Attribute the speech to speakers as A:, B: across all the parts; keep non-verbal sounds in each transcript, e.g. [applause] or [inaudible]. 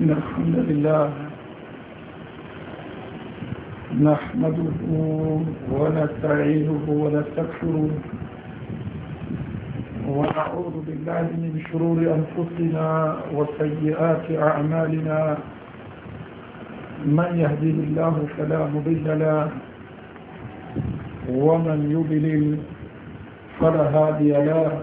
A: إن الحمد لله نحمده ونستعينه ونستكفره ونعوذ بالله من شرور أنفسنا وسيئات أعمالنا من يهديه الله فلا مضل له ومن يضلل فلا هادي له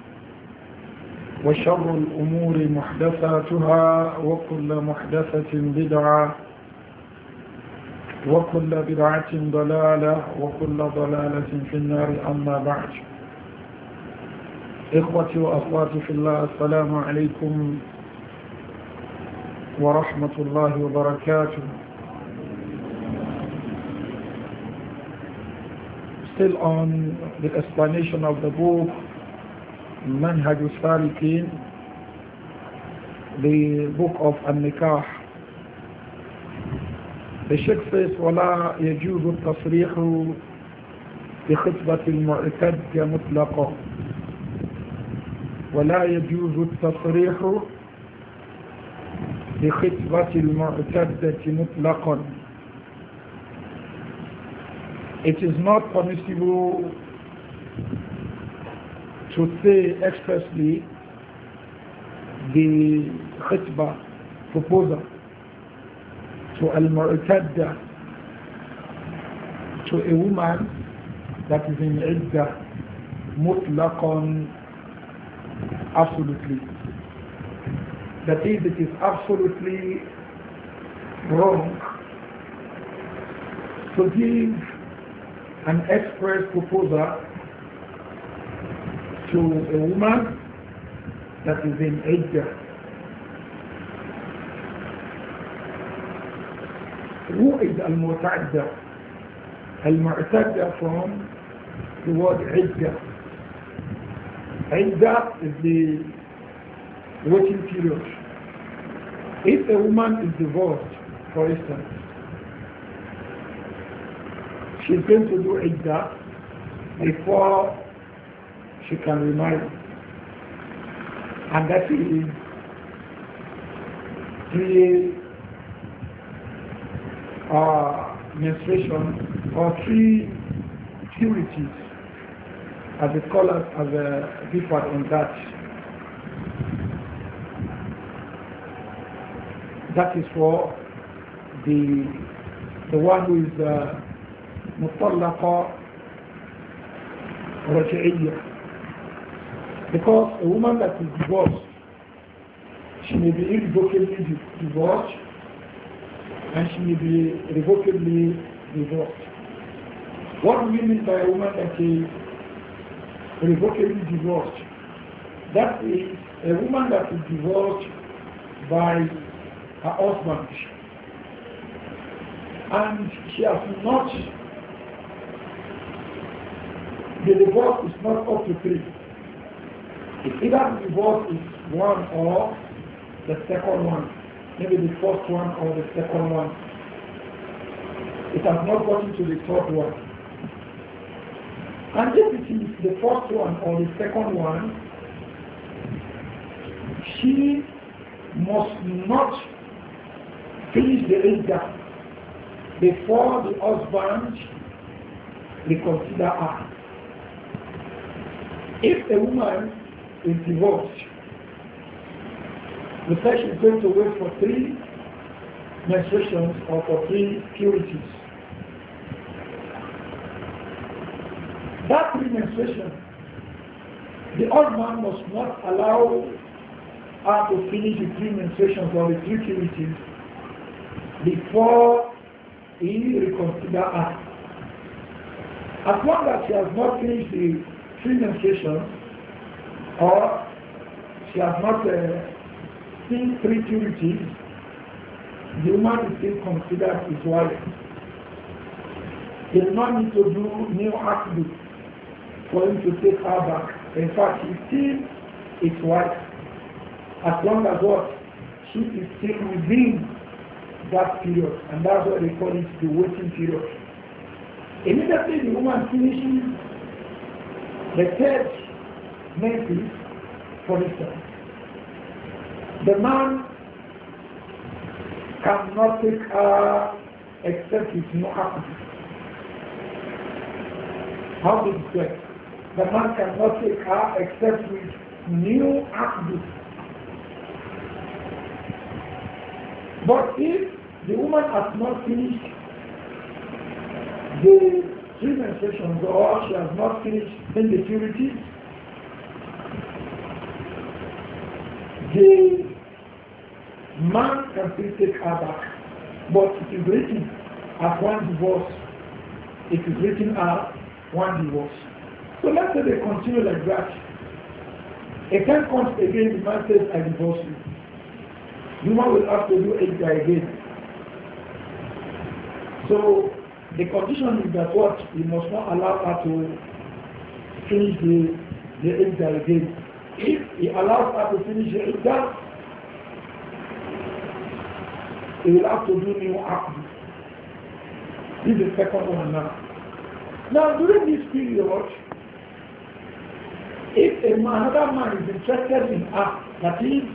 A: وشر الأمور محدثاتها وكل محدثة بدعة وكل بدعة ضلالة وكل ضلالة في النار أما بعد إخوتي وأخواتي في الله السلام عليكم ورحمة الله وبركاته Still on the explanation of the book منهج السالكين the book of An-Nikah the Sheikh says ولا يجوز التصريح بخطبة المعتد مطلقا ولا يجوز التصريح بخطبة المعتدة مطلقا It is not permissible to say expressly the khutbah proposal to al-mu'tadda to a woman that is in idda mutlaqan absolutely that is it is absolutely wrong to give an express proposal to a woman that is in Iddah. Who is al-mutadda? Al-mu'tadda from the word idda. Idda is the waiting period. If a woman is divorced, for instance, she's going to do idda before she can remarry. And that is three uh, menstruation or three purities as the scholars as a uh, different on that. That is for the the one who is مطلقة uh, رجعية because a woman that is divorced, she may be irrevocably divorced and she may be revocably divorced. What do we mean by a woman that is revocably divorced? That is a woman that is divorced by her husband and she has not, the divorce is not up to three. It's either the divorce is one or the second one. Maybe the first one or the second one. It has not gotten to the third one. And if it is the first one or the second one, she must not finish the iddah before the husband reconsider her. If a woman is divorced, the flesh is going to wait for three menstruations or for three purities. That three menstruation, the old man must not allow her to finish the three menstruations or the three purities before he reconsider her. As long as she has not finished the three menstruations, or she has not uh, seen three purities, the woman is still considered his wife. He does not need to do new akdu for him to take her back. In fact, he still his wife. As long as what? She is still within that period. And that's what they call it the waiting period. Immediately the woman finishes the third mercy, for instance. The man cannot take her except he's not happy. How do it work? The man cannot take her except with new acts. But if the woman has not finished the three menstruations or she has not finished in the purity, day, man can still take her back. But it is written as one divorce. It is written as one divorce. So let's say they continue like that. A time comes again, the man says, I divorce you. The woman will have to do it again. So the condition is that what? You must not allow her to finish the, the exile again if he allows her to finish the Iddah, he will have to do new Aqd. This is the second one now. Now, during this period, if another man is interested in her, that is,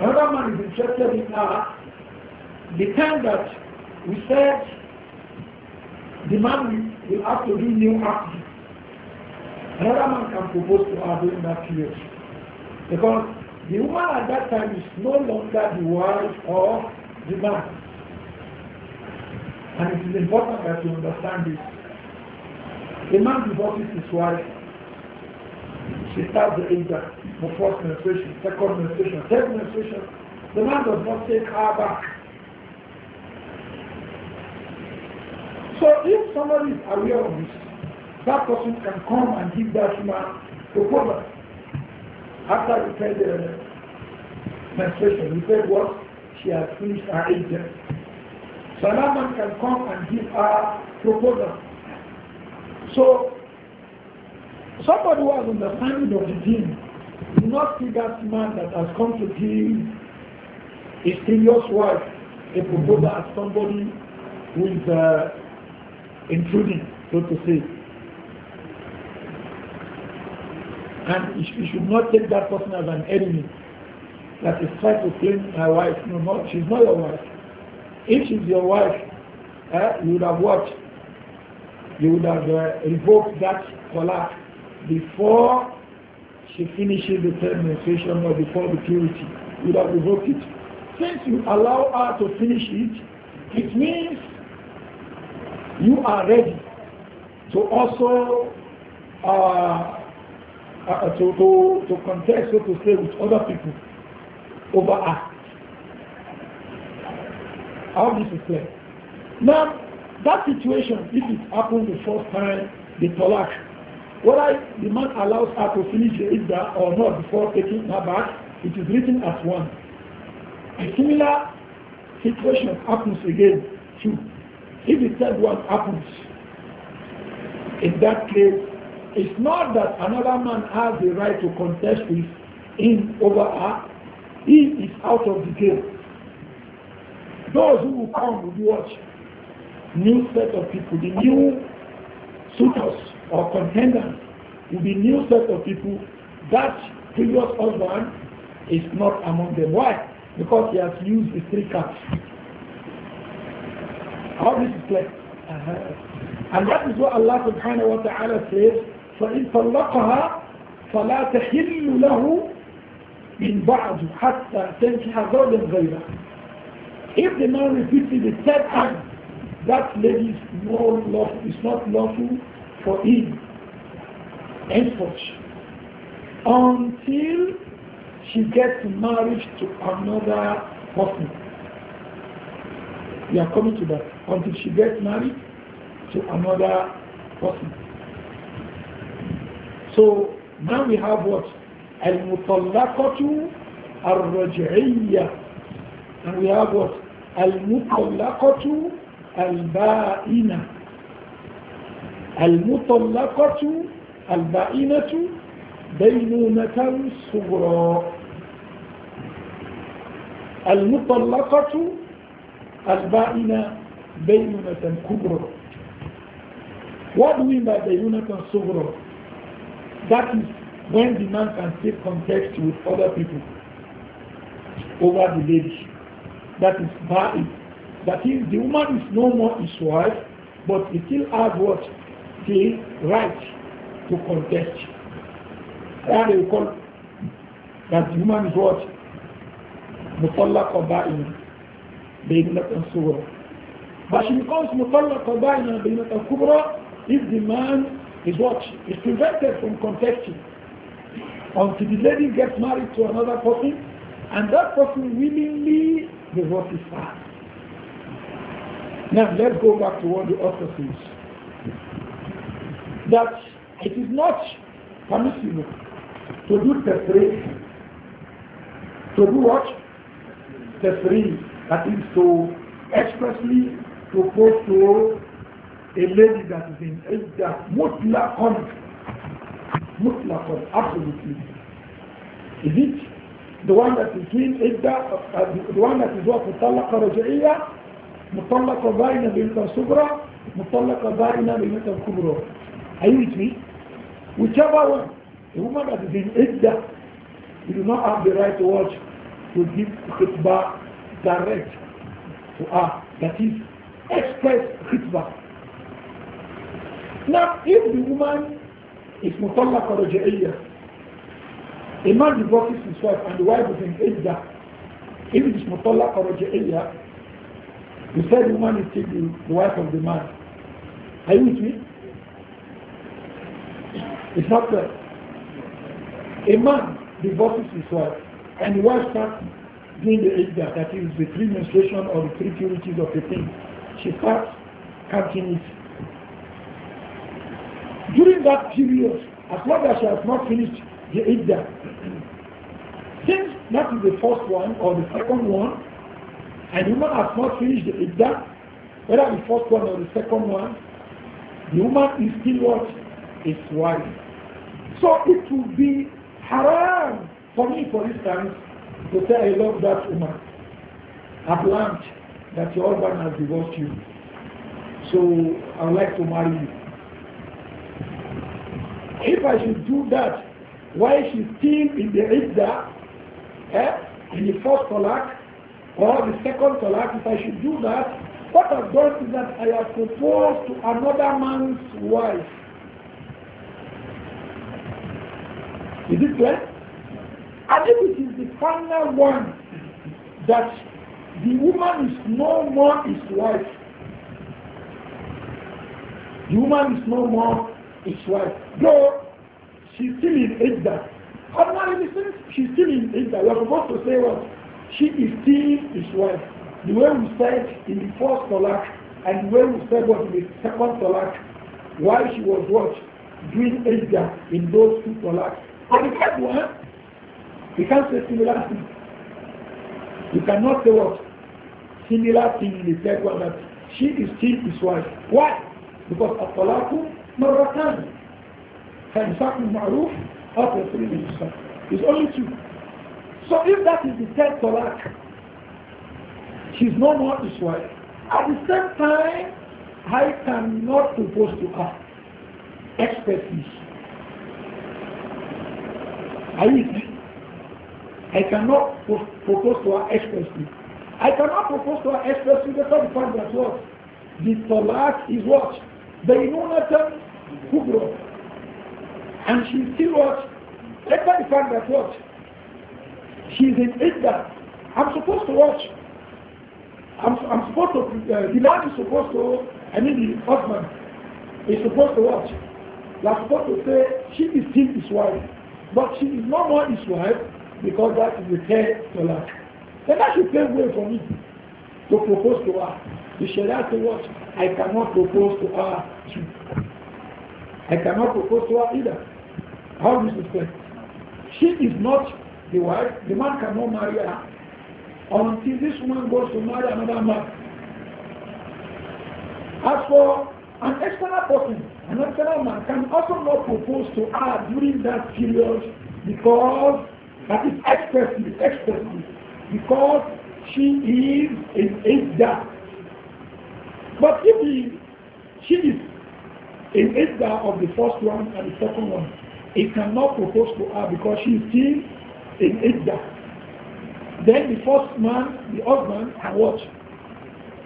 A: another man is interested in her, the time that we said the man will have to do new acts Another man can propose to her during that period. Because the woman at that time is no longer the wife of the man. And it is important that you understand this. A man divorces his wife. She starts the anger for first menstruation, second menstruation, third menstruation. The man does not take her back. So if somebody is aware of this, that person can come and give that woman proposal. After we said the menstruation, we said what? She has finished her agent. So that man can come and give her proposal. So somebody who has understanding of the dream do not see that man that has come to give his previous wife a proposal as somebody who is uh, intruding, so to say. And you should not take that person as an enemy that is trying to claim my wife. No, no, she's not your wife. If she's your wife, eh, you would have what? You would have uh, revoked that collapse before she finishes the third menstruation or before the purity. You would have revoked it. Since you allow her to finish it, it means you are ready to also uh, uh, to, to, to contest, so to say, with other people over us. How this is clear. Now, that situation, if it happened the first time, the talak, whether the man allows her to finish the idda or not before taking her back, it is written as one. A similar situation happens again, too. If the third one happens, in that case, It's not that another man has the right to contest with him over her. He is out of the game. Those who will come will be watch. New set of people, the new suitors or contenders will be new set of people. That previous husband is not among them. Why? Because he has used the three cards. How this is played. Uh -huh. And that is what Allah subhanahu wa ta'ala says فإن طلقها فلا تحل له من بعد حتى تنكح زوجا غيره If the man repeats the third time, that lady is, no is not lawful for him henceforth until she gets married to another person. We are coming to that. Until she gets married to another person. So now we have what? Al-Mutallakatu Al-Raj'iyya. And we have what? Al-Mutallakatu Al-Ba'ina. Al-Mutallakatu Al-Ba'ina tu Baynunatan Sugra. Al-Mutallakatu Al-Ba'ina Baynunatan Kubra. What do we mean by Baynunatan Sugra? That is when the man can take context with other people over the lady. That is bad. That is, the woman is no more his wife, but he still has what? The right to contest. That they call that the woman is what? Mutallaq or ba'in. But she becomes mutallaq or ba'in if the man is what is prevented from contesting until the lady gets married to another person and that person willingly divorces her. Now let's go back to what the author says. That it is not permissible to do the three. To do what? The three. That is to expressly propose to a lady that is in idda mutlaqan mutlaqan absolutely is it the one that is in idda uh, the one that is what mutallaqa raj'iyya mutallaqa baina bint sughra mutallaqa baina bint kubra are you with me whichever one the woman that is in idda you do not have the right to watch to give khutbah direct to her that is express khutbah now, if the woman is mutalla karaja'iyya, a man divorces his wife and the wife is in idda, if it is mutalla karaja'iyya, the said woman is still the wife of the man. Are you with me? It's not that. A man divorces his wife and the wife starts doing the idda, that is the three menstruation or the three purities of the thing. She starts counting it during that period, as long as she has not finished the idda, since that is the first one or the second one, and the woman has not finished the idda, whether the first one or the second one, the woman is still what? Is wife. So it would be haram for me, for instance, to say I love that woman. At lunch, that your husband has divorced you. So I would like to marry you. If I should do that, why is she still in the idda, eh, in the first talaq, or the second talaq, if I should do that, what I've done is that I have proposed to another man's wife. Is it clear? And if it is the final one that the woman is no more his wife, the woman is no more his wife. Though she's still in Idda. Ordinarily, since she's still in Idda, we're supposed to say what? She is still his wife. The way we said in the first talak and the way we said what in the second talak, why she was what? Doing Idda in those two talaks. But the third one, you can't say similar thing. You cannot say what? Similar thing in the third one that she is still his wife. Why? Because Atalaku مرة ثانية فإنفاق المعروف أو تسليم الإنسان It's only two. So if that is the third talaq, she's no more his wife. At the same time, I cannot propose to her expertise. I I cannot propose to her expressly. I cannot propose to her expressly because the fact that what? The talaq is what? بينونة who Kubra. And she still what? Let the fact that what? She's in Idda. I'm supposed to watch. I'm, I'm supposed to, uh, the man is supposed to, I mean the husband is supposed to watch. They're supposed to say she is still his wife. But she is no more his wife because that is the third dollar. Then I should pay way for me to propose to her. The Sharia to what? I cannot propose to her I cannot propose to her either. How disrespect. She is not the wife. The man cannot marry her until this woman goes to marry another man. As for an external person, an external man can also not propose to her during that period because that is expressly, expressly, because she is in Asia. But if he, she is in Idda of the first one and the second one, he cannot propose to her because she is still in Idda. Then the first man, the husband, can watch,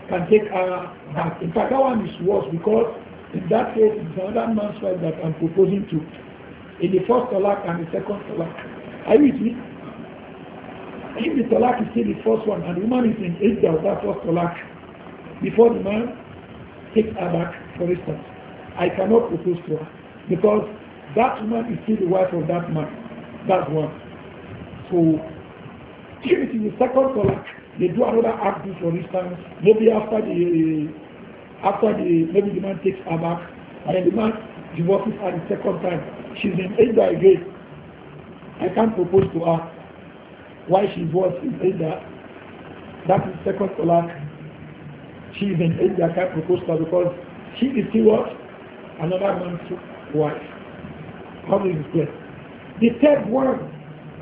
A: can take her back. In fact, that one is worse because in that case, it's another man's wife that I'm proposing to. In the first talak and the second talak. Are you with me? If the talak is still the first one and the woman is in Idda of that first talak, before the man takes her back, for instance, I cannot propose to her because that woman is still the wife of that man. That one. So if it is the second talak, they do another act, for instance, maybe after the uh, after the maybe the man takes her back and then the man divorces her the second time. She's in India again. I can't propose to her why she was in India. That is second talak. She is in India I can't propose to her because she is still what? another man's wife. How do you The third one,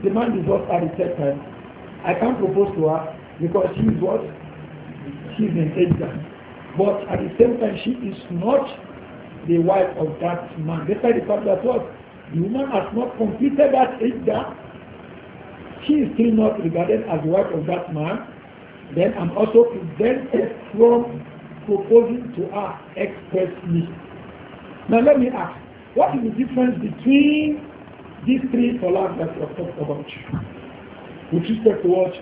A: the man is what at the third time. I can't propose to her because she is what? an agent. But at the same time, she is not the wife of that man. Despite the fact that what? The woman has not completed that agent. She is still not regarded as the wife of that man. Then I'm also prevented from proposing to her expressly. Now let me ask, what is the difference between these three colors that we have talked about with respect to what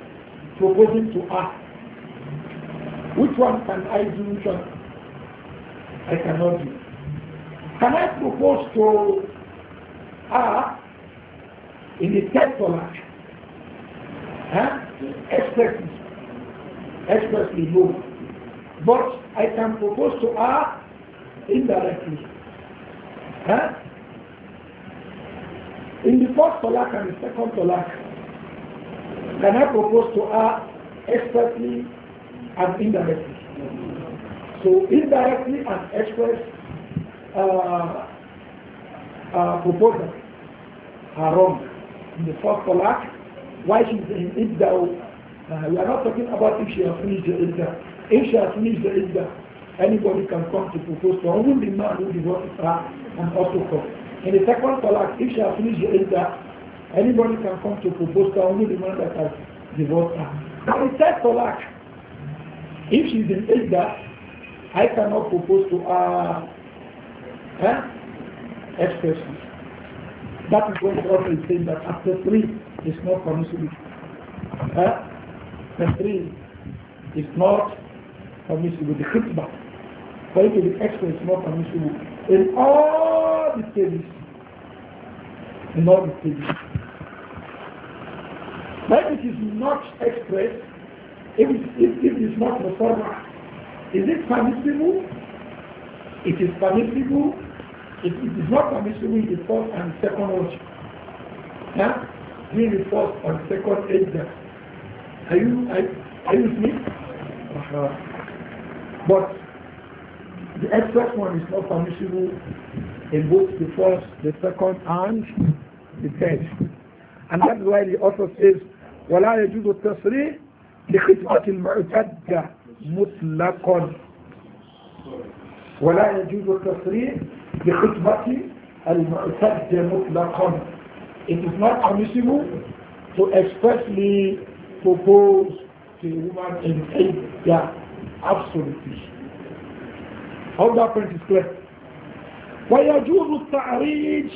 A: proposing to us? Which one can I do? Which one I cannot do? Can I propose to her in the third color? Huh? Expressly. Expressly, no. But I can propose to her indirectly. Huh? In the first talak and the second talak, can I propose to her expressly and indirectly? So indirectly and express uh, uh, proposal are wrong in the first talak. Why she's in Idda? Uh, we are not talking about if she has finished the Idda. If she has finished the Idda, anybody can come to propose to her. the man who divorces her and also come. In the second talak, if she has finished the elder, anybody can come to propose to only the man that has divorced her. In the third talak, if she she's in elder, I cannot propose to her eh, expression. That is what the is saying that after three is not permissible. Eh? After three is not permissible. The khutbah, for it to expressed, is not permissible in all the stages. In all the stages. But it is not expressed, if it, if, it is not Musarra, is it permissible? It is permissible. If it is not permissible in the first and second watch. Yeah, During the first and second age. Are you, are, are you with me? Uh -huh. But the first one is not permissible in both the first, the second, and the third. And that's why the author says, وَلَا يَجُوزُ التَّصْرِيحِ لِخِطْبَةِ الْمُعْتَدَّةِ مُطْلَقًا ولا يجوز التصريح بخطبة المعتد مطلقا It is not permissible to expressly propose to a woman in Idda. Absolutely. هو ده برنسس كلاس ويجوز التعريج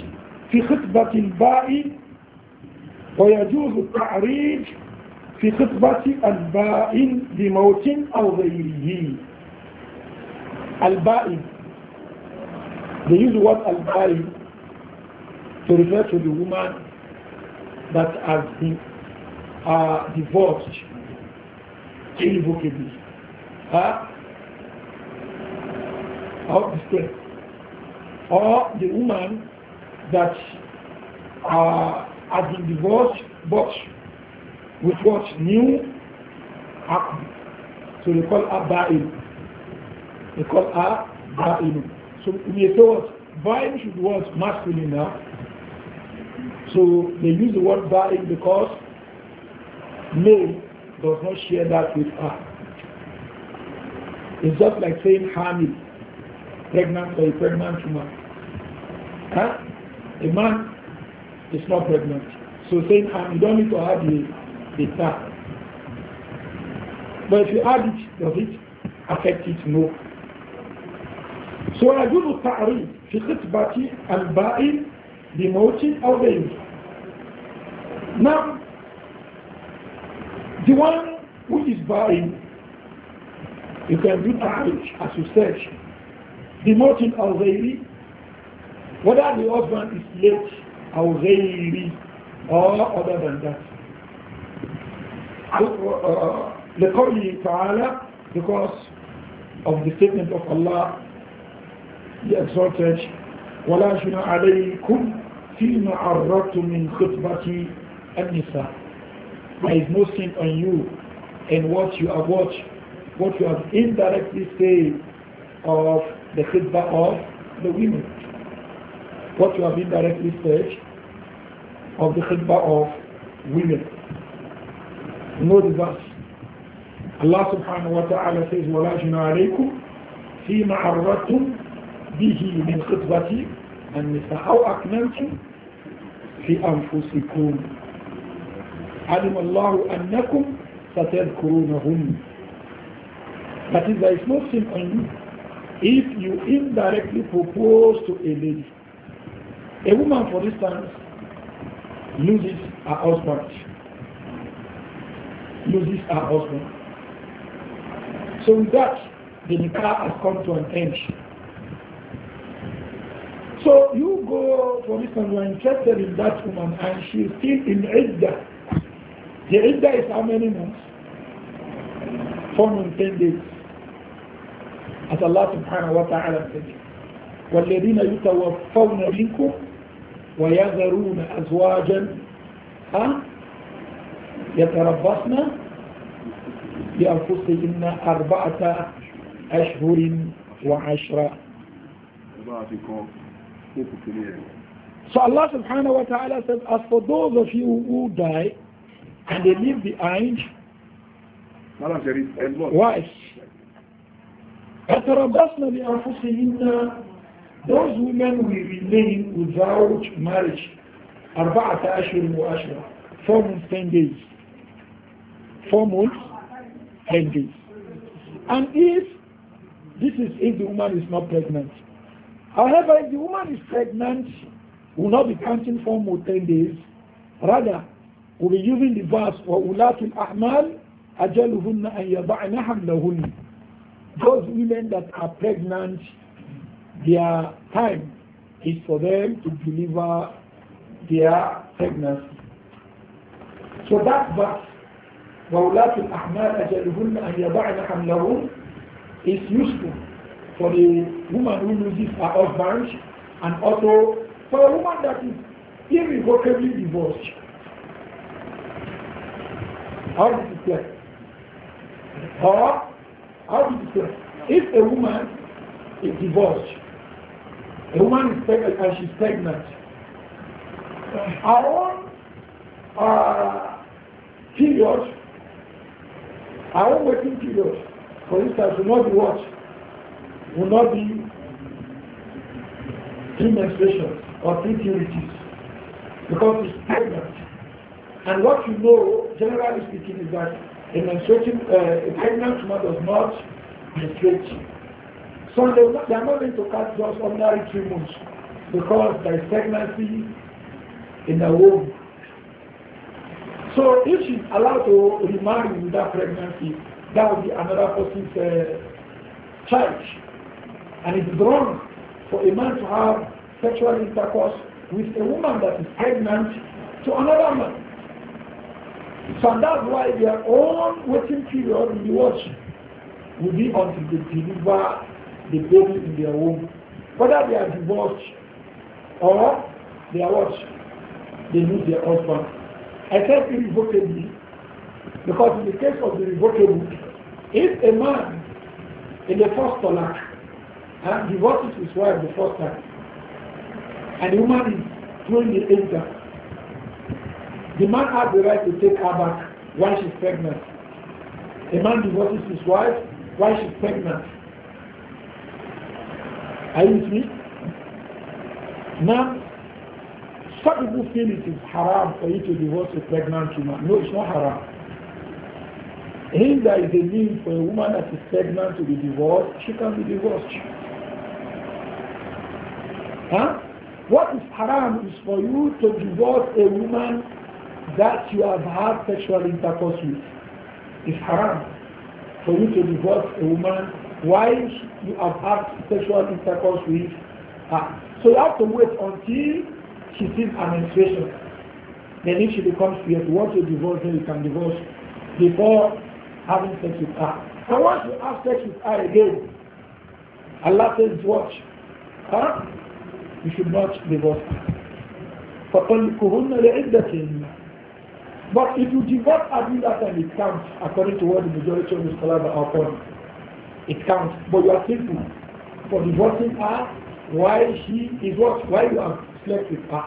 A: في خطبة الباء ويجوز التعريج في خطبة الباء لموت أو غيره الباء they use the word الباء to refer to the woman that has been uh, divorced irrevocably huh? out Or the woman that uh, has been divorced but with what new happened. So they call her Ba'il. They call her Ba'il. So we thought what? Ba'il should was Masculine now. So they use the word Ba'il because male does not share that with her. It's just like saying Hamid pregnant or a pregnant woman. Huh? A man is not pregnant. So saying, ah, you don't need to add the, the tap. But if you add it, does it affect it? No. So يجوز التعريض في خطبة البائن بموت أو غيره. Now, the one which is buying, you can do تعريض as you search demoting al ghayri whether the husband is late al ghayri or other than that. لقوله تعالى uh, uh, uh, because of the statement of Allah the exalted ولا جنى عليكم فيما عرضتم من خطبة النساء there is no sin on you in what you have watched what you have indirectly said of the khidbah of the women. What you have indirectly said of the khidbah of women. Know the Allah subhanahu wa ta'ala says, وَلَا جُنَا عَلَيْكُمْ فِي مَعَرَّتُمْ بِهِ مِنْ خِطْبَةِ النِّسَاء أَوْ أَكْنَنْتُمْ في أنفسكم علم الله أنكم ستذكرونهم That is, there is no sin on you if you indirectly propose to a lady. A woman, for instance, loses her husband. Loses her husband. So with that, the nikah has come to an end. So you go, for instance, you are interested in that woman and she is still in idda. The idda is how many months? Four and ten days. as Allah subhanahu wa ta'ala said والذين يتوفون منكم ويذرون أزواجا يتربصن بأنفسهن أربعة أشهر وعشرة So Allah subhanahu wa ta'ala said, as for those of you who die and they leave behind wives يتربصن بأنفسهن those women will remain without marriage أربعة أشهر وأشهر four months ten days four months ten days and if this is if the woman is not pregnant however if the woman is pregnant will not be counting four months ten days rather will be using the verse وَأُولَاتُ الْأَحْمَالِ أَجَلُهُنَّ أَنْ يَضَعْنَ حَمْلَهُنَّ those women that are pregnant, their time is for them to deliver their pregnancy. So that verse, is useful for the woman who loses her husband and also for a woman that is irrevocably divorced. How does it get? Or if a woman is divorced, a woman is pregnant and she's pregnant, her own uh, period, her own waiting period, for instance, will not be what? Will not be three menstruations or three purities because it's pregnant. And what you know, generally speaking, is that a uh, a pregnant woman does not menstruate. So they, are not going to cut just ordinary three months because there is pregnancy in the womb. So if she's allowed to remarry without pregnancy, that would be another person's uh, child. And it's wrong for a man to have sexual intercourse with a woman that is pregnant to another man. So that's why their own waiting period will be what? Will be until they deliver the baby in their womb. Whether they are divorced or they are what? They lose their husband. Except irrevocably. Because in the case of the revocable, if a man in the first talak and uh, divorces his wife the first time, and the woman is doing the income, the man has the right to take her back while she's pregnant. A man divorces his wife while she's pregnant. Are you with me? Now, some people feel it is haram for you to divorce a pregnant woman. No, it's not haram. If there is a need for a woman that is pregnant to be divorced, she can be divorced. Huh? What is haram is for you to divorce a woman that you have had sexual intercourse with is haram for you to divorce a woman while you have had sexual intercourse with her. So you have to wait until she sees an menstruation. Then if she becomes once you divorce her, you can divorce before having sex with her. And once you have sex with her again, Allah says, watch, huh? you should not divorce her. لعدة but if you divorce not that time, it counts according to what the majority of the scholars are upon. It counts. But you are sinful for divorcing her why she is what? Why you have slept with her.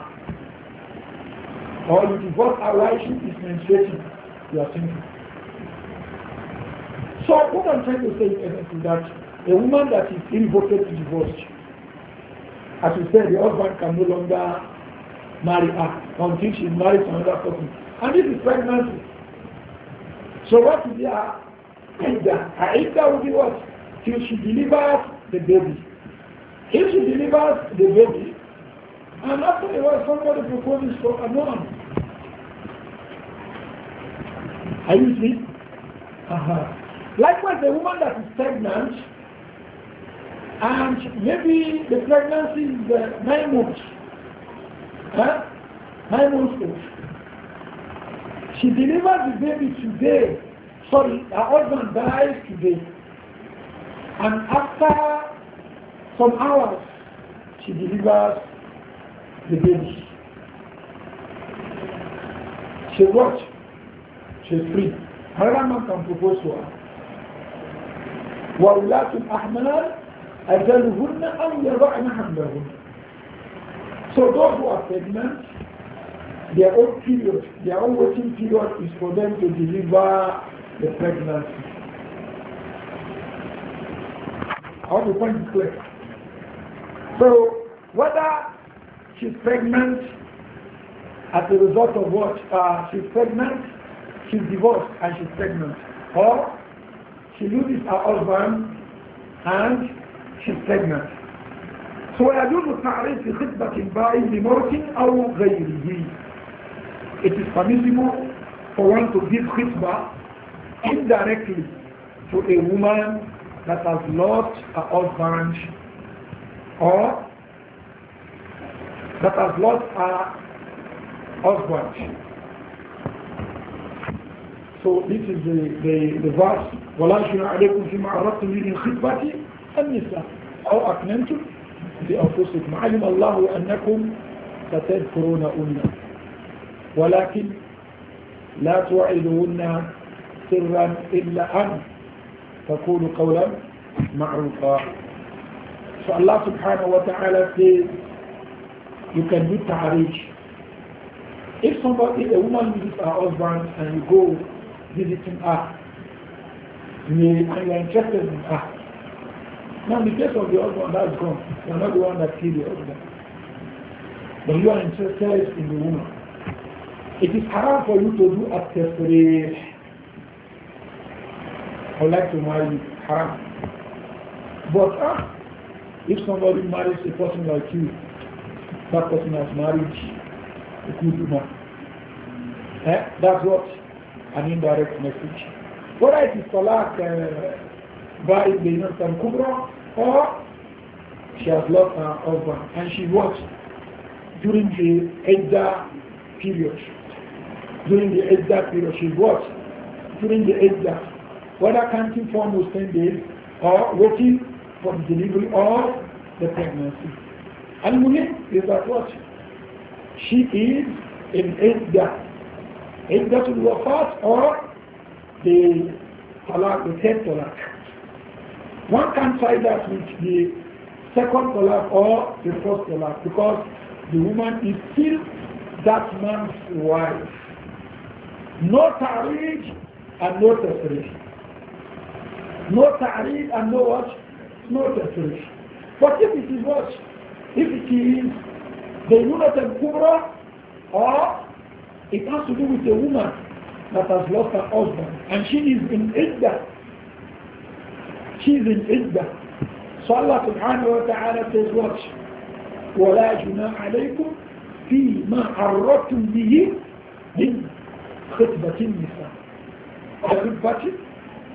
A: Or you divorce her why she is menstruating. You are sinful. So what I'm trying to say is that a woman that is irrevocably divorced, as you said, the husband can no longer marry her until she marries another person. And this is pregnancy. So what is her Ida? Her Ida will be what? Till she delivers the baby. If she delivers the baby, and after a while somebody proposes for a man. Are you see? Uh-huh. Likewise, the woman that is pregnant, and maybe the pregnancy is uh, nine months. Huh? Nine months old. She delivers the baby today. Sorry, her husband dies today. And after some hours, she delivers the baby. She watch. She's free. Another man can propose to her. وولاة الأحمال أجلهن أن يضعن حملهن. So those who are pregnant, their own period, their own waiting period is for them to deliver the pregnancy. I want to point clear. So whether she's pregnant as a result of what? Uh, she's pregnant, she's divorced and she's pregnant. Or she loses her husband and she's pregnant. So I the تعريف خطبة البائن بموت أو غيره it is permissible for one to give khitbah indirectly to a woman that has lost her husband or that has lost her husband. So this is the, the, the verse وَلَا شُنَا عَلَيْكُمْ فِي مَا عَرَضْتُمْ مِنْ خِطْبَةِ النِّسَاءِ أو أكننتم في أنفسكم علم الله أنكم ستذكرون أمنا ولكن لا توعدهن سرا إلا أن تقول قولا معروفا So Allah subhanahu wa ta'ala says you can do ta'rij. If somebody, if a woman visits her husband and you go visiting her, and ah, you are interested in her, ah. now in the case of the husband, that's gone. You are not the one that killed the husband. But you are interested in the woman. It is hard for you to do at-tasrih. I would like to marry you. Haram. But ah, if somebody marries a person like you, that person has marriage, a good woman. Eh? That's what an indirect message. Whether it is talaq eh, by the and Kubra or she has lost her husband and she was during the Edda period during the edda period she was during the edda. whether counting for almost 10 days or waiting for the delivery or the pregnancy. And Muhim is that what? She is in Edda Edda to first or the Talaq, the third One can say that with the second Talaq or the first Talaq because the woman is still that man's wife. No ta'reed and no tasrih. No ta'reed and no what? No tasrih. But if it is what? If it is the unit and kubra or it has to do with a woman that has lost her husband and she is in idda, She is in idda. So Allah subhanahu wa ta'ala says watch. وَلَا جُنَاءَ عَلَيْكُمْ فِي مَا بِهِ مِنْ khutbatin nisa. A khutbatin?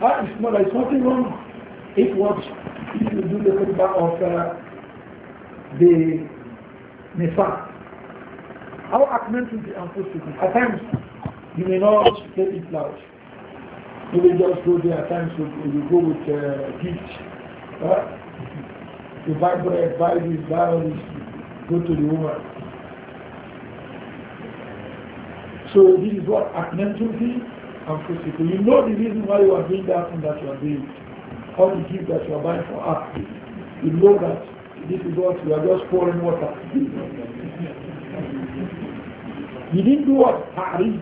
A: Ah, it's not, There's nothing wrong. It was if you do the khutbah of uh, the nisa, how augmented the unfortunate. At times, you may not say it loud. You may just go there at times, you, you go with uh, gift. Uh, you buy bread, buy this, buy all this, go to the woman. So this is what Aknentufi and physically. You know the reason why you are doing that thing that you are doing, all the gift that you are buying for us. You know that this is what you are just pouring water. you didn't do what Ta'rij,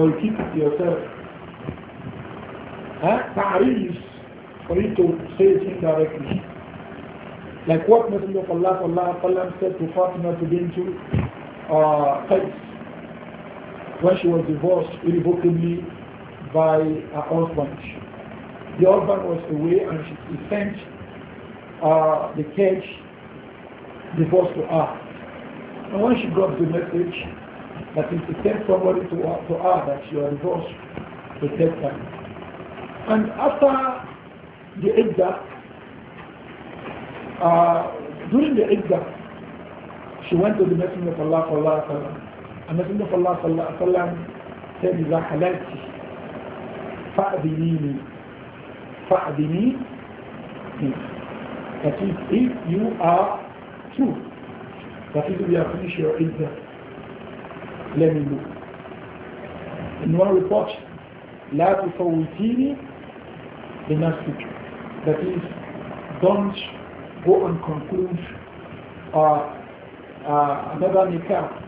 A: but you keep it to yourself. Huh? Ta'rij is for you to say it indirectly. Like what Messenger of Allah, Allah said to Fatima to bring to uh, when she was divorced irrevocably by her husband. The husband was away and she, she sent uh, the cage divorce to her. And when she got the message that if sent somebody to, her, to her that she was divorced the third time. And after the exam, uh, during the exam, she went to the Messenger of Allah, Allah النبي صلى الله عليه وسلم قال إذا حللت فأذنيني فأذني That is if you are true. That is if you have finished your exam. Let me know. In one report, لا تفوتيني لنفسك. That is, don't go and conclude uh, uh, another nikah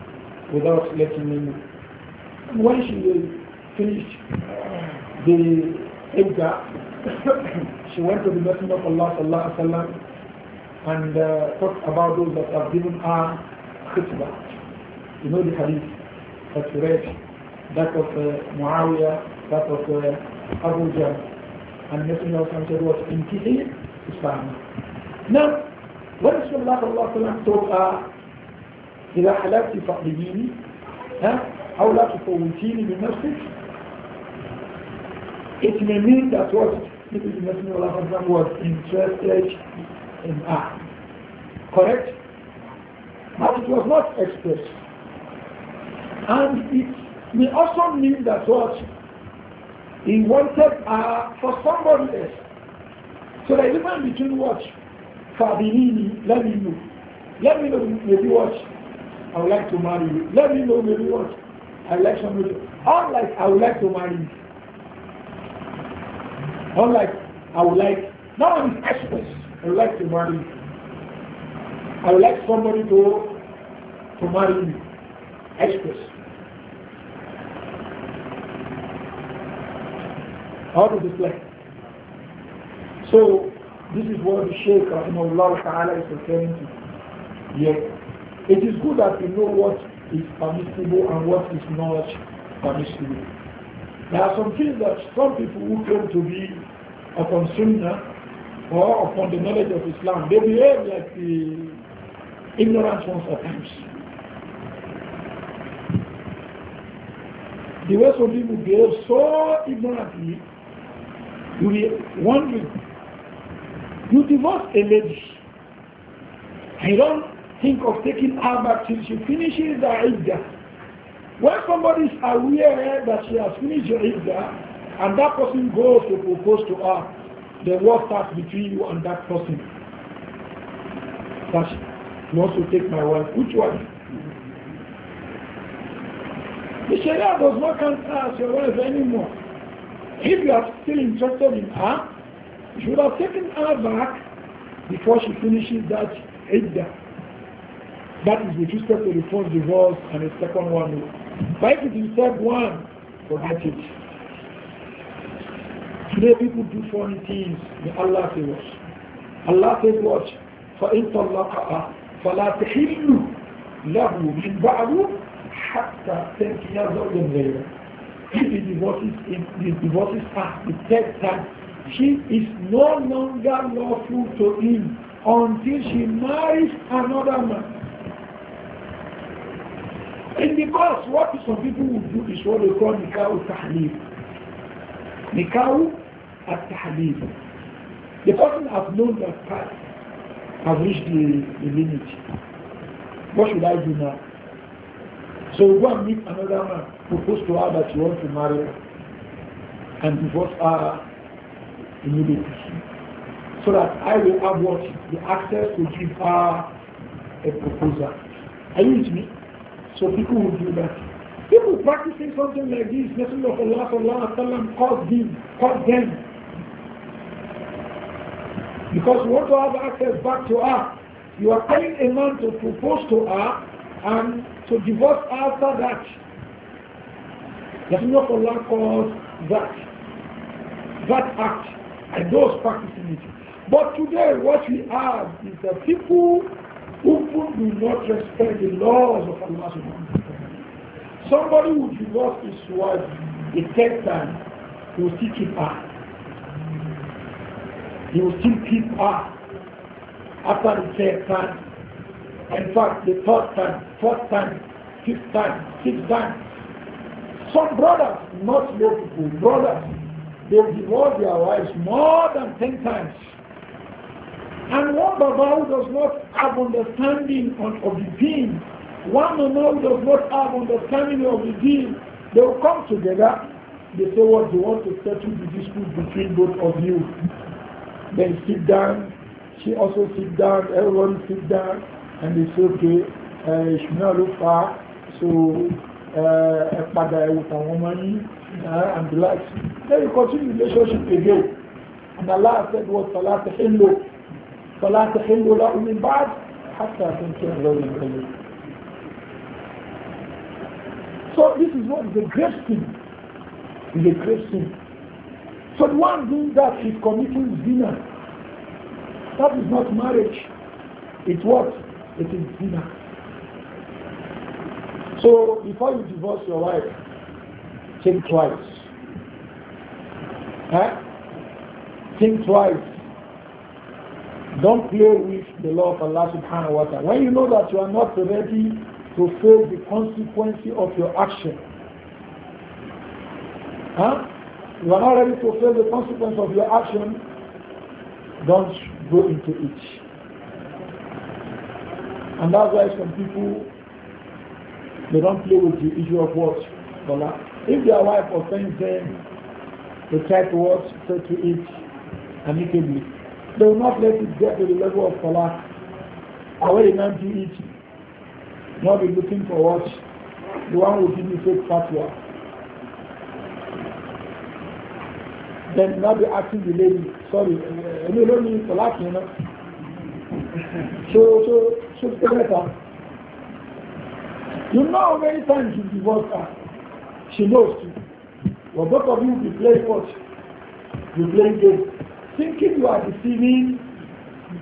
A: without letting me. And when she finished uh, the Ibda, [coughs] she went to the Messenger of Allah sallallahu alaihi wasallam and uh, talked about those that have given her khutbah. You know the hadith that you read, that of uh, Muawiyah, that of uh, Abu Jahl, and Messenger of Allah said what in Islam. Now, when Rasulullah sallallahu alaihi wasallam told her إذا حلفت فاقبليني ها أو لا تفوتيني بنفسك It may mean that what maybe the Messenger of Allah was interested in art. Correct? But it was not expressed. And it may also mean that what he wanted uh, for somebody else. So the difference between what Fabinini, let me know. Let me know maybe what I would like to marry you. Let me know maybe what. I like somebody. Unlike I would like to marry you. Unlike I would like. Now i express. I would like to marry you. I would like somebody to to marry me. Express. How does this play? So this is what the Shaykh Rahimahullah Ta'ala is referring to. Yeah. It is good that we know what is permissible and what is not permissible. There are some things that some people who claim to be upon Sunnah or upon the knowledge of Islam, they behave like the ignorant ones at times. The way some people behave so ignorantly, you will wonder, you divorce a lady, and you don't think of taking her back till she finishes the Idda. When somebody is aware that she has finished the Idda and that person goes to propose to her, the war starts between you and that person. That she wants to take my wife. Which one? The Sharia does not count her as your wife anymore. If you are still interested in her, you should have taken her back before she finishes that Idda. That is with respect to the first divorce and the second one. But if it is the third one, forget it. Today people do funny things. May Allah save us. Allah says what? فَإِنْ طَلَّقَهَا فَلَا تَحِلُّ لَهُ مِنْ بَعْدُ حَتَّى تَنْكِيَ زَوْجًا غَيْرَهُ If he divorces, if he divorces her the third time, she is no longer lawful to him until she marries another man. It's because what some people will do is what they call nikau Tahlif. nikau at Tahlif. The person has known that path, has reached the, the limit. What should I do now? So we go and meet another man, propose to her that you want to marry her, and divorce her immediately. So that I will have what? The access to give her a proposal. Are you with me? So people would do that. People practicing something like this, Messenger of Allah sallallahu alaihi wasallam caught them, caught them. Because you want to have access back to her. You are telling a man to propose to her and to divorce after that. Messenger of Allah calls that. That act. And those practicing it. But today what we have is that people who do not respect the laws of Allah Somebody who divorced his wife the tenth time, he will still keep her. He will still keep her after the third time. In fact, the third time, fourth time, fifth time, sixth time. Some brothers, not low people, brothers, they divorce their wives more than ten times. And one Baba who does not have understanding of the deen, one Mama who does not have understanding of the deen, they will come together. They say what you want to settle the dispute between both of you. Then sit down. She also sit down. Everyone sit down. And they say, okay, uh, it not look far. So, a father with a woman and the like. Then you continue the relationship again. And Allah said, what salat hillu فلا تحل له من بعد حتى تنكر So this is what is a grave sin. Is a great sin. So the one doing that is committing zina. That is not marriage. It's what? It is zina. So before you divorce your wife, think twice. Huh? Think twice don't play with the law of Allah subhanahu wa ta'ala. When you know that you are not ready to face the consequence of your action, huh? you are not ready to face the consequence of your action, don't go into it. And that's why some people, they don't play with the issue of what? Allah. If their wife offends them, they try to watch, Say to it they will not let it get to the level of salah. I will not do it. Not be looking for what? The one who give you fake fatwa. Then not be asking the lady, sorry, uh, know no need for you know. So, so, so it's better. You know how many times you divorced her. She knows too. both of you be playing what? You playing game. thinking you are deceiving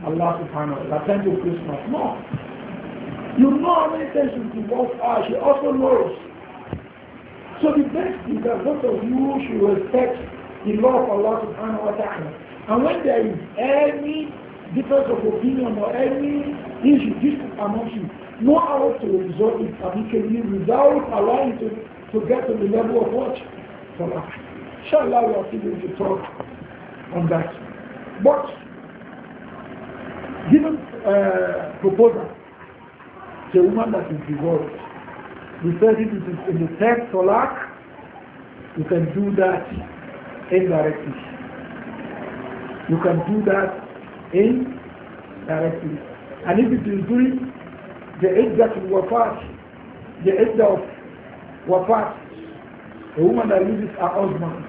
A: Allah subhanahu wa ta'ala. Thank you, Christmas. No. You know how many things you divorce her. She also knows. So the best is that both of you should respect the law of Allah subhanahu wa ta'ala. And when there is any difference of opinion or any issue, dispute amongst you, know how to resolve it amicably without allowing to, to get to the level of what? Salah. Inshallah, we are still going to talk. on that. But given a uh, proposal to a woman that is divorced, we said it is in the third talak, you can do that indirectly. You can do that indirectly. And if it is during the age that you were past, the age of wafat, a woman that loses her husband,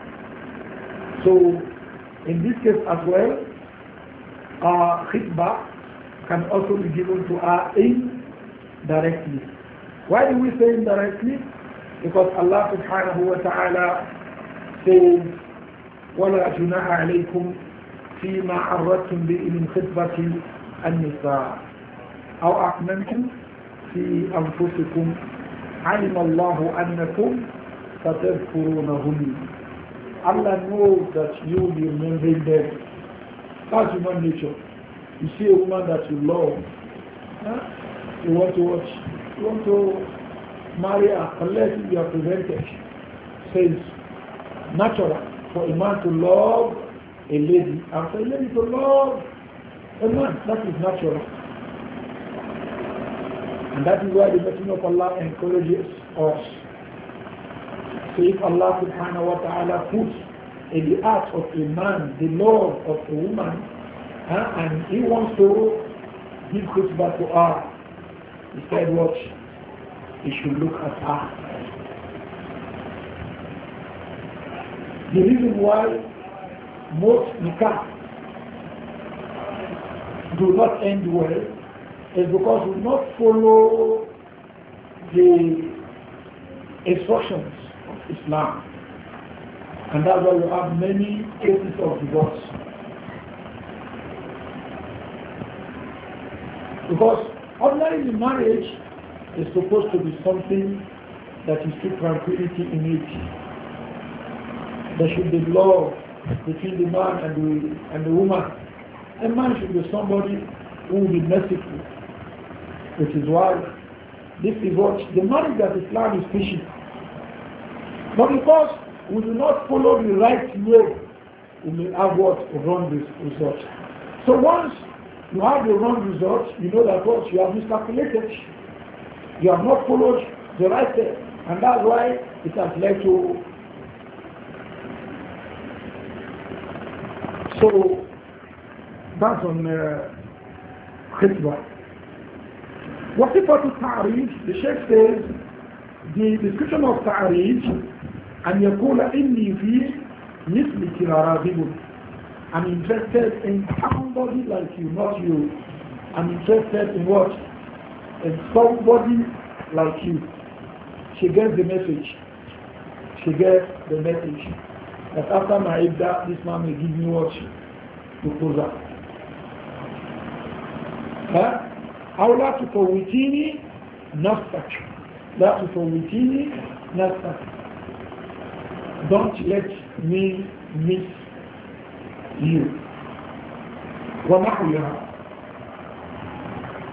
A: so in this case as well, our khitbah can also be given to her indirectly. Why do we say indirectly? Because Allah subhanahu wa ta'ala says, وَلَا جُنَاهَ عَلَيْكُمْ فِي مَا عَرَّدْتُمْ بِهِ مِنْ خِطْبَةِ النِّسَاءِ أو أكملتم في أنفسكم علم الله أنكم ستذكرونهن Allah knows that you will be remembering them. That's human nature. You see a woman that you love, huh? you want to watch, you want to marry her unless you are prevented. Says natural for a man to love a lady and for a lady to love a man. That is natural. And that is why the Messenger of Allah encourages us so if Allah subhanahu wa ta'ala puts in the heart of a man the love of a woman, and he wants to give khutbah to her, he said what? He should look at her. The reason why most nikah do not end well is because we do not follow the instructions Islam. And that's why we have many cases of divorce. Because ordinarily marriage is supposed to be something that is to tranquility in it. There should be love between the man and the, and the woman. A man should be somebody who will be merciful, which is why this is what the marriage that Islam is teaching but because we do not follow the right way, we may have what
B: wrong results.
A: So once you have the wrong results, you know that what you have miscalculated. You have not followed the right way. And that's why it has led to so that's on uh, khitbah. What about the ta'rif? The Sheikh says the description of ta'rif أن يقول إني في مثلك لراغب I'm interested in somebody like you, not you. I'm interested in what? In somebody like you. She gets the message. She gets the message. That after my Ibda, this man will give me what? Proposal. Huh? أو لا تفوتيني نفسك لا not نفسك don't let me miss you وَنَحْوِهَا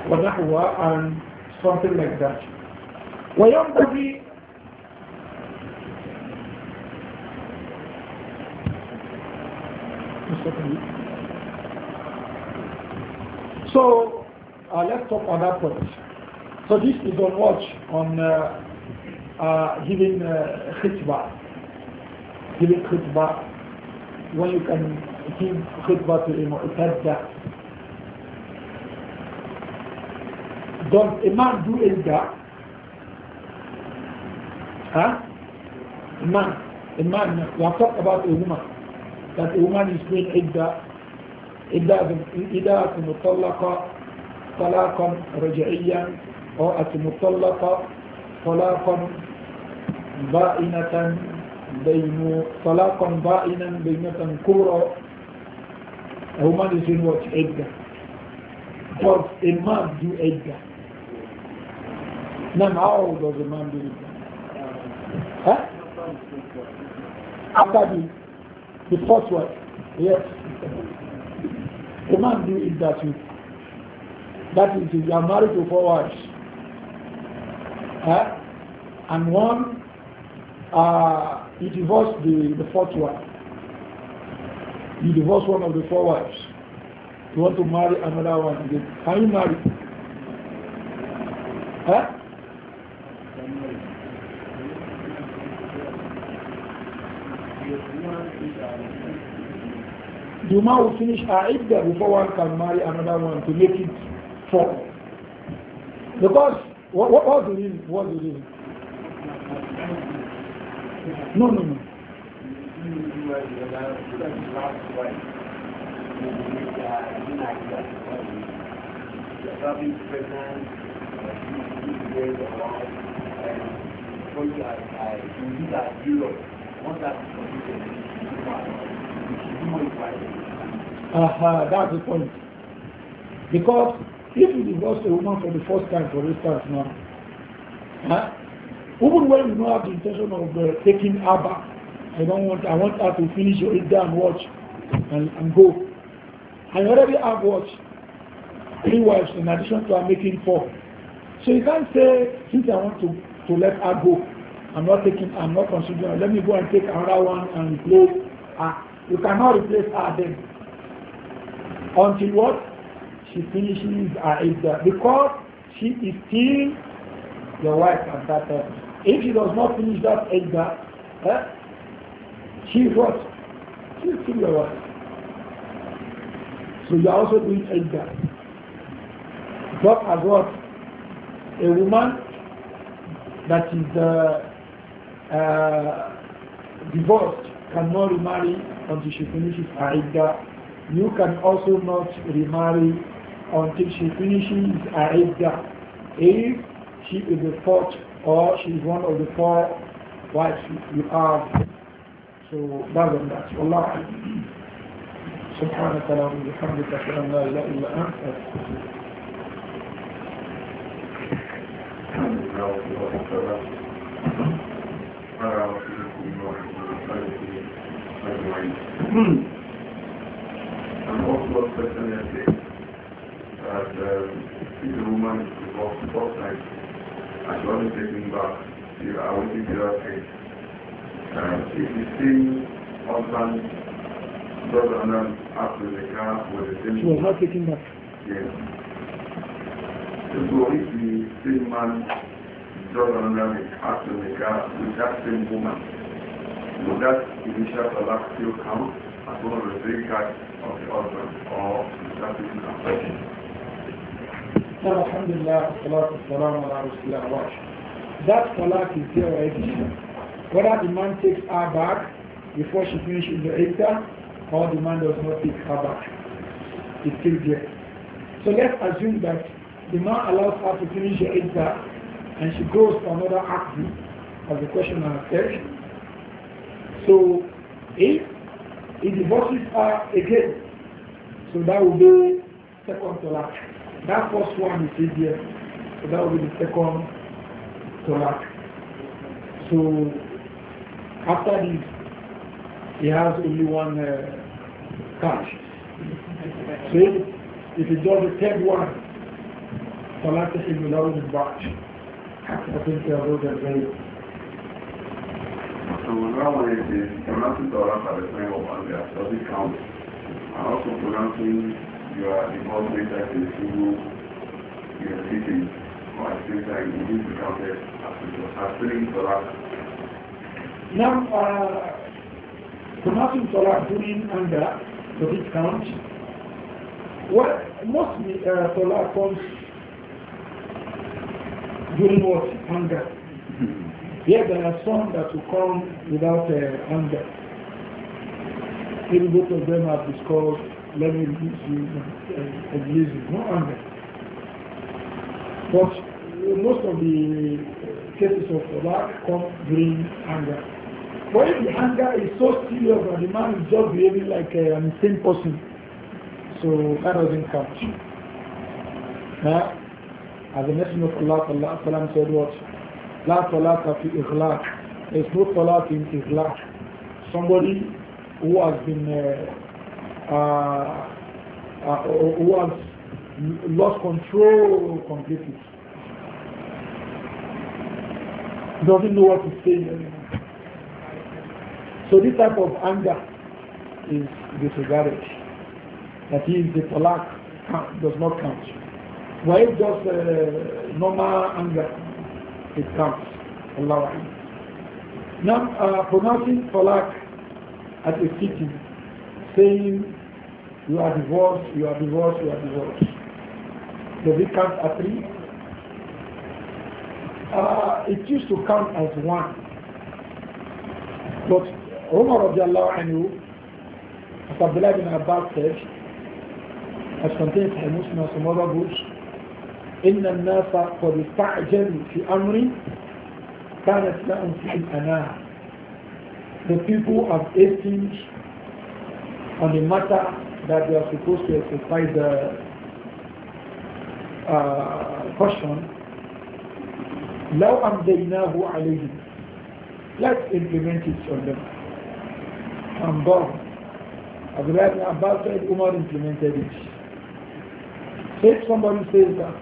A: وَنَحْوَهَا and something like that وَيَنْبَغِي So uh, let's talk on that point. So this is on watch on uh, uh, giving uh, khitbah. تلك خطبة ولك أن تجيب خطبة المؤتدة دون إمام دو إلدا ها إمام إمام we are talking about أمة that woman is being إلدا إلدا إلدا مطلقة طلاقا رجعيا أو أت مطلقة طلاقا بائنة بين طلاقا بائنا بينة كبرى a woman is doing what? Edgar. But a man do Edgar. Now how does a man do it? Huh? After the, the first one. Yes. A man do it that you. That is, you are married to four wives, huh? and one uh, you divorce the, the fourth wife. He divorced one of the four wives. He want to marry another one again. Can you marry? Huh? The man will finish her iddah before one can marry another one to make it four. Because what, what, what's the what do you? reason? No, no, no. Aha, that's the point. Because if you divorce a woman for the first time, for instance, now, huh? Even when you don't have the intention of uh, taking her I don't want, I want her to finish your ida and watch and, and go. I already have watched Three wives in addition to making four. So you can't say, since I want to, to let her go, I'm not taking, I'm not considering, let me go and take another one and replace her. You cannot replace her then. Until what? She finishes her ida, Because she is still your wife at that time. If she does not finish that Edgar, eh, she is what? She is still your wife. So you are also doing Edgar. But as what? A woman that is uh, uh, divorced cannot remarry until she finishes her Edgar. You can also not remarry until she finishes her Edgar. If she is a fourth or she's one of the four wives you have. So rather than that, Allah سبحانك اللهم وبحمدك اشهد ان لا اله الا
B: انت as and only taking back to our individual faith. Uh, if the same husband does another after the car with the same... She was not taking back. Yes. So if the same man does another after the car with that same woman, would that initial talak still count as one of the three cards of the husband or that is not
A: now, alhamdulillah, salam ala rasulullah That salat is there already. Whether the man takes her back before she finishes the Iddah, or the man does not take her back. It's still there. So let's assume that the man allows her to finish the Iddah, and she goes to another act, as the question has said. So, if he divorces her again, so that will be second salat. That first one is easier. So that will be the second talak. So after this, he has only one uh, cash. So if, if he does the third one, talak is below the batch. I think I wrote that very
B: so now when it is pronouncing the Torah by the time of Andrea, does it count? And also pronouncing you are the most to the people you are Or at you need to count it as it was happening for
A: Now, uh, pronouncing Salah during under the discount, Well, mostly uh, comes during what? Hunger. [laughs] Yeah, there are some that will come without uh, hunger. Even both of them have discussed level of using, not anger. But most of the cases of Salah come during anger. But if the anger is so serious that the man is just behaving like uh, an insane person, so that doesn't count. Huh? As the Messenger of Allah sallallahu alayhi wa sallam said what? La salata fi ikhlaq. There's no salat in ikhlaq. Somebody who has been uh, uh, uh, who has lost control completely. Doesn't know what to say. anymore. So this type of anger is disregarded. That is, the talak does not count. Why well, just uh, normal anger? It counts. Allah Now, uh, pronouncing talak at a sitting saying, you are divorced, you are divorced, you are divorced. The big count are three. Uh, it used to count as one. But Umar anhu, as Abdullah bin Abbas said, as contained in Muslim and some other books, إن الناس قد استعجلوا في أمر كانت لهم في الأنام. The people have hastened on the matter that they are supposed to exercise the uh, caution. who are عليهم Let's implement it on them. And God, Abdullah ibn Abbas said, Umar implemented it. if somebody says that,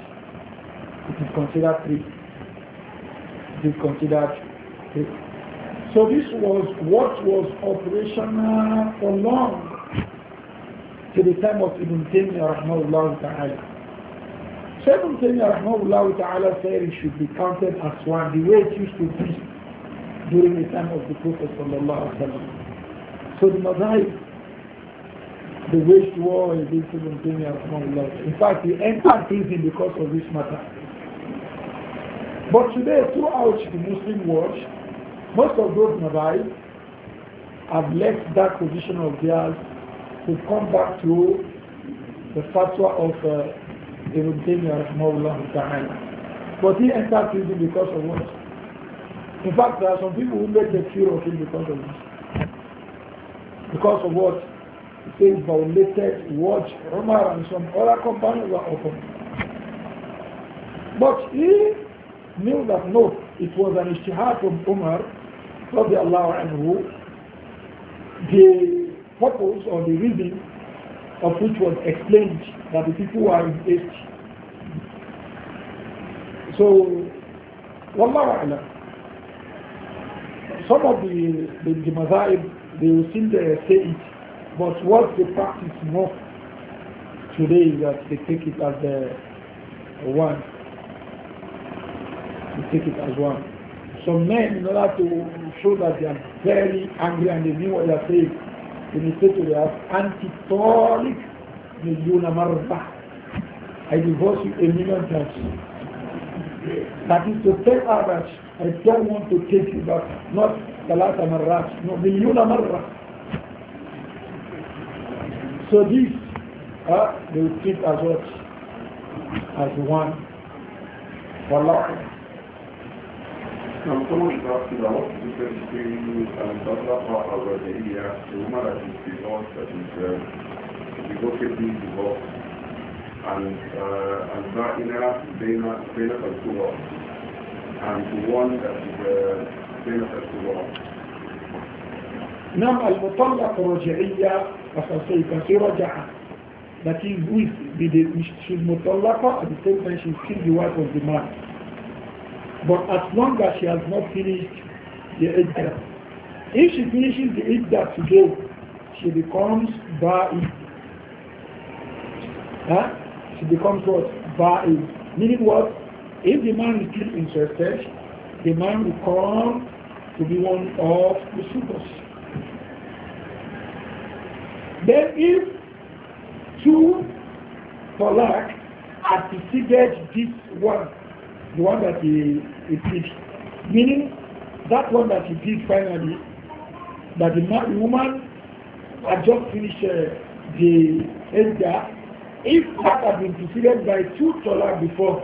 A: it is considered three. It is considered three. So this was what was operational for long to the time of Ibn Taymiyyah rahmahullah ta'ala. So Ibn Taymiyyah rahmahullah ta'ala said it should be counted as one, the way it used to be during the time of the Prophet الله عليه وسلم. So the Mazahib, the waged war against Ibn Taymiyyah rahmahullah. In fact, he entered prison because of this matter. But today, throughout the Muslim world, most of those Mazahib have left that position of theirs to come back to the fatwa of uh, Ibn Taymiyyah long ta'ala. But he entered prison because of what? In fact, there are some people who make the cure of him because of this. Because of what? He says violated, watch Umar and some other companions were open. But he knew that no, it was an ishtihad from Umar, and anhu, the purpose or the reason of which was explained that the people were in haste. So, Wallahu A'lam. Some of the, the, the Mazaib, they will still uh, say it, but what they practice more today is that they take it as the uh, one. They take it as one. Some men, in order to show that they are very angry and they mean what they are saying, you mistake to have anti-tolic millioner marba. I divorce you a million times. That is to tell others. I don't want to take you back, not Talata Marrat, no, Millioner Marra. So this, uh, they will treat as what? As one.
B: For love. Então, como está final do perfil da Papa Bateria, uma das pilotas de Gokebi de Vox, and that inner Bena Kalkula, and the one that is Bena Kalkula. نعم
A: المطلق رجعية أساسية في رجعة that is with the she's مطلقة at the same time she's still the wife of the man but as long as she has not finished the idda, if she finishes the iddah today, she becomes ba'i. Huh? She becomes what? Ba'i. Meaning what? If the man is still interested, the man will come to be one of the suitors. Then if two talak anteceded this one, the one that he he did. Meaning, that one that he did finally, that the, man, the woman had just finished uh, the Edgar, if that had been preceded by two talak before,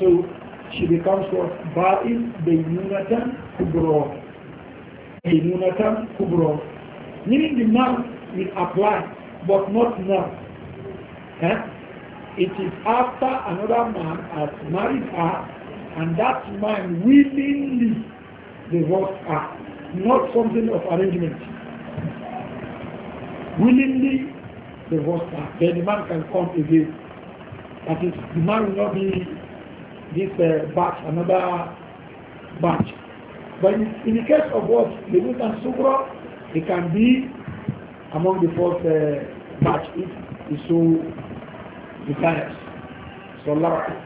A: so she becomes what? Ba'il Beinunatan Kubro. Beinunatan Kubro. Meaning the man will apply, but not now. Eh? It is after another man has married her And that man willingly divorced her, not something of arrangement. Willingly divorced her. Then the man can come again. That is, the man will not be this uh, batch, another batch. But in, the case of what? The root and sugra, it can be among the fourth uh, batch if it so desires. So, Allah.